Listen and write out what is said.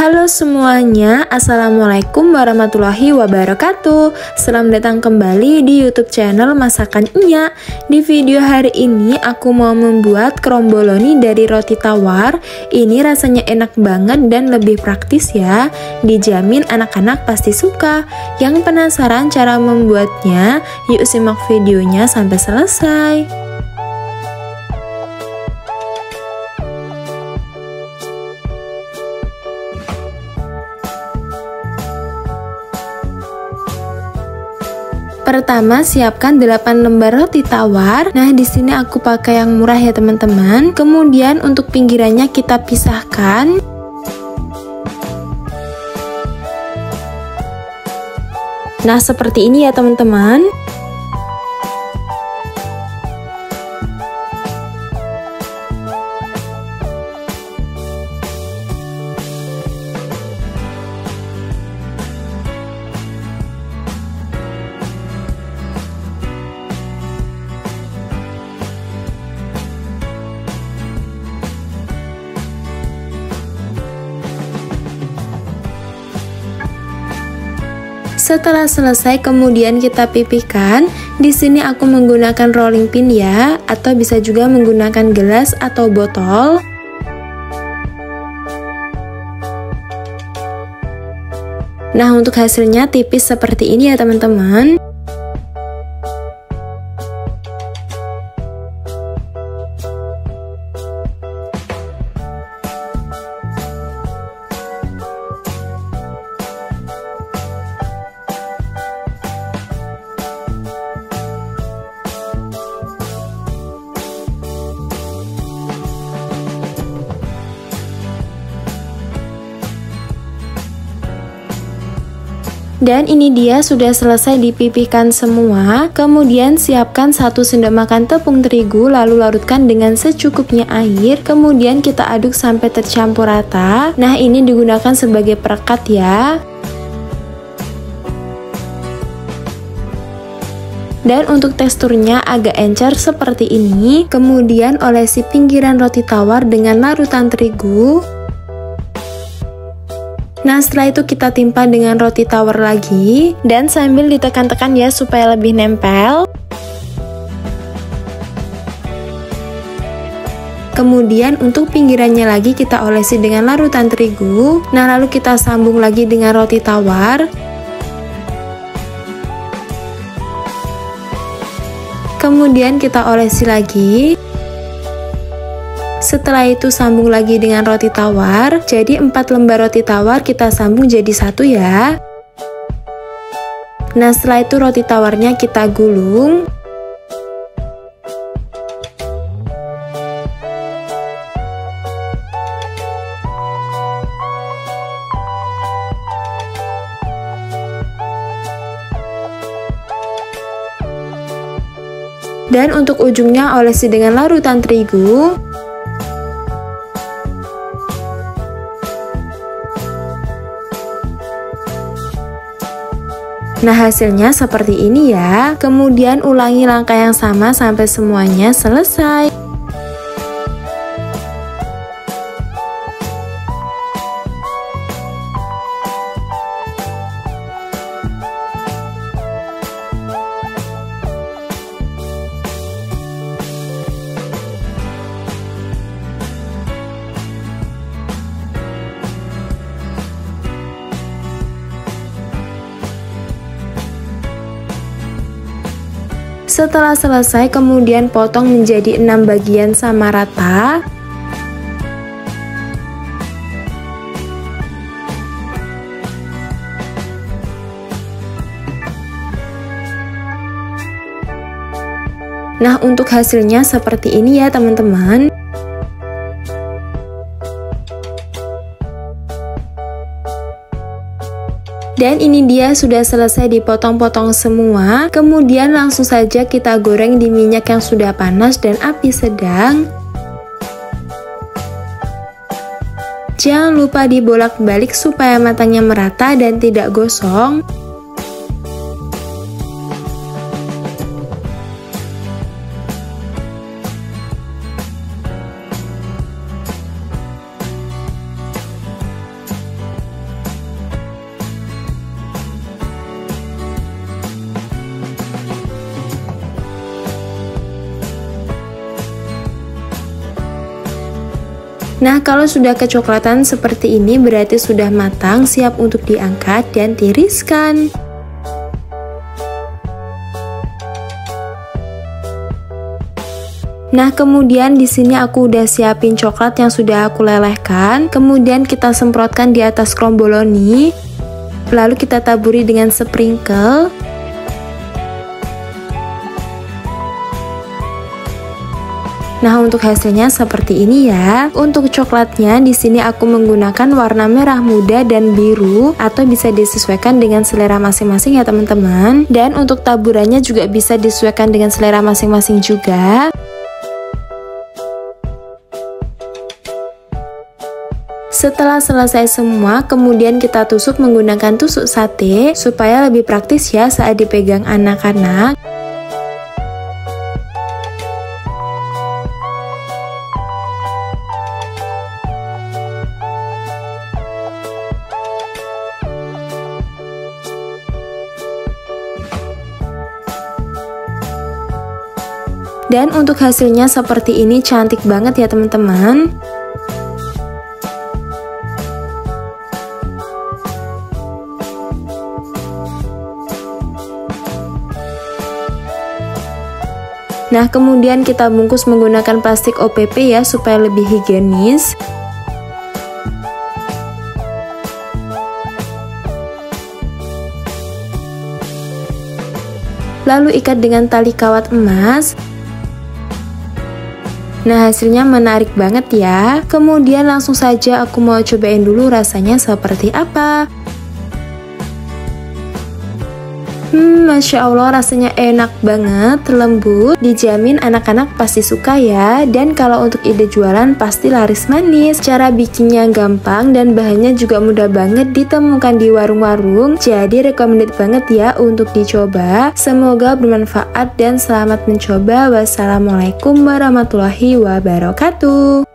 Halo semuanya, Assalamualaikum warahmatullahi wabarakatuh Selamat datang kembali di youtube channel Masakan Enya Di video hari ini aku mau membuat kromboloni dari roti tawar Ini rasanya enak banget dan lebih praktis ya Dijamin anak-anak pasti suka Yang penasaran cara membuatnya, yuk simak videonya sampai selesai Pertama, siapkan 8 lembar roti tawar. Nah, di sini aku pakai yang murah ya, teman-teman. Kemudian untuk pinggirannya kita pisahkan. Nah, seperti ini ya, teman-teman. Setelah selesai kemudian kita pipihkan. Di sini aku menggunakan rolling pin ya atau bisa juga menggunakan gelas atau botol. Nah, untuk hasilnya tipis seperti ini ya teman-teman. Dan ini dia sudah selesai dipipihkan semua. Kemudian siapkan satu sendok makan tepung terigu lalu larutkan dengan secukupnya air. Kemudian kita aduk sampai tercampur rata. Nah, ini digunakan sebagai perekat ya. dan untuk teksturnya agak encer seperti ini kemudian olesi pinggiran roti tawar dengan larutan terigu Nah setelah itu kita timpa dengan roti tawar lagi dan sambil ditekan-tekan ya supaya lebih nempel. Kemudian untuk pinggirannya lagi kita olesi dengan larutan terigu. Nah, lalu kita sambung lagi dengan roti tawar. Kemudian kita olesi lagi. Setelah itu sambung lagi dengan roti tawar. Jadi 4 lembar roti tawar kita sambung jadi satu ya. Nah, setelah itu roti tawarnya kita gulung. dan untuk ujungnya olesi dengan larutan terigu Nah hasilnya seperti ini ya. Kemudian ulangi langkah yang sama sampai semuanya selesai. Setelah selesai, kemudian potong menjadi 6 bagian sama rata. Nah, untuk hasilnya seperti ini ya, teman-teman. Dan ini dia sudah selesai dipotong-potong semua. Kemudian langsung saja kita goreng di minyak yang sudah panas dan api sedang. Jangan lupa dibolak-balik supaya matangnya merata dan tidak gosong. Nah, kalau sudah kecoklatan seperti ini berarti sudah matang, siap untuk diangkat dan tiriskan. Nah, kemudian di sini aku udah siapin coklat yang sudah aku lelehkan. Kemudian kita semprotkan di atas kromboloni. Lalu kita taburi dengan sprinkle. Nah, untuk hasilnya seperti ini ya. Untuk coklatnya di sini aku menggunakan warna merah muda dan biru atau bisa disesuaikan dengan selera masing-masing ya teman-teman. Dan untuk taburannya juga bisa disesuaikan dengan selera masing-masing juga. Setelah selesai semua, kemudian kita tusuk menggunakan tusuk sate supaya lebih praktis ya saat dipegang anak-anak. Dan untuk hasilnya seperti ini cantik banget ya teman-teman. Nah, kemudian kita bungkus menggunakan plastik OPP ya supaya lebih higienis. Lalu ikat dengan tali kawat emas Nah hasilnya menarik banget ya Kemudian langsung saja aku mau cobain dulu rasanya seperti apa Hmm, Masya Allah rasanya enak banget, lembut, dijamin anak-anak pasti suka ya. Dan kalau untuk ide jualan pasti laris manis. Cara bikinnya gampang dan bahannya juga mudah banget ditemukan di warung-warung. Jadi recommended banget ya untuk dicoba. Semoga bermanfaat dan selamat mencoba. Wassalamualaikum warahmatullahi wabarakatuh.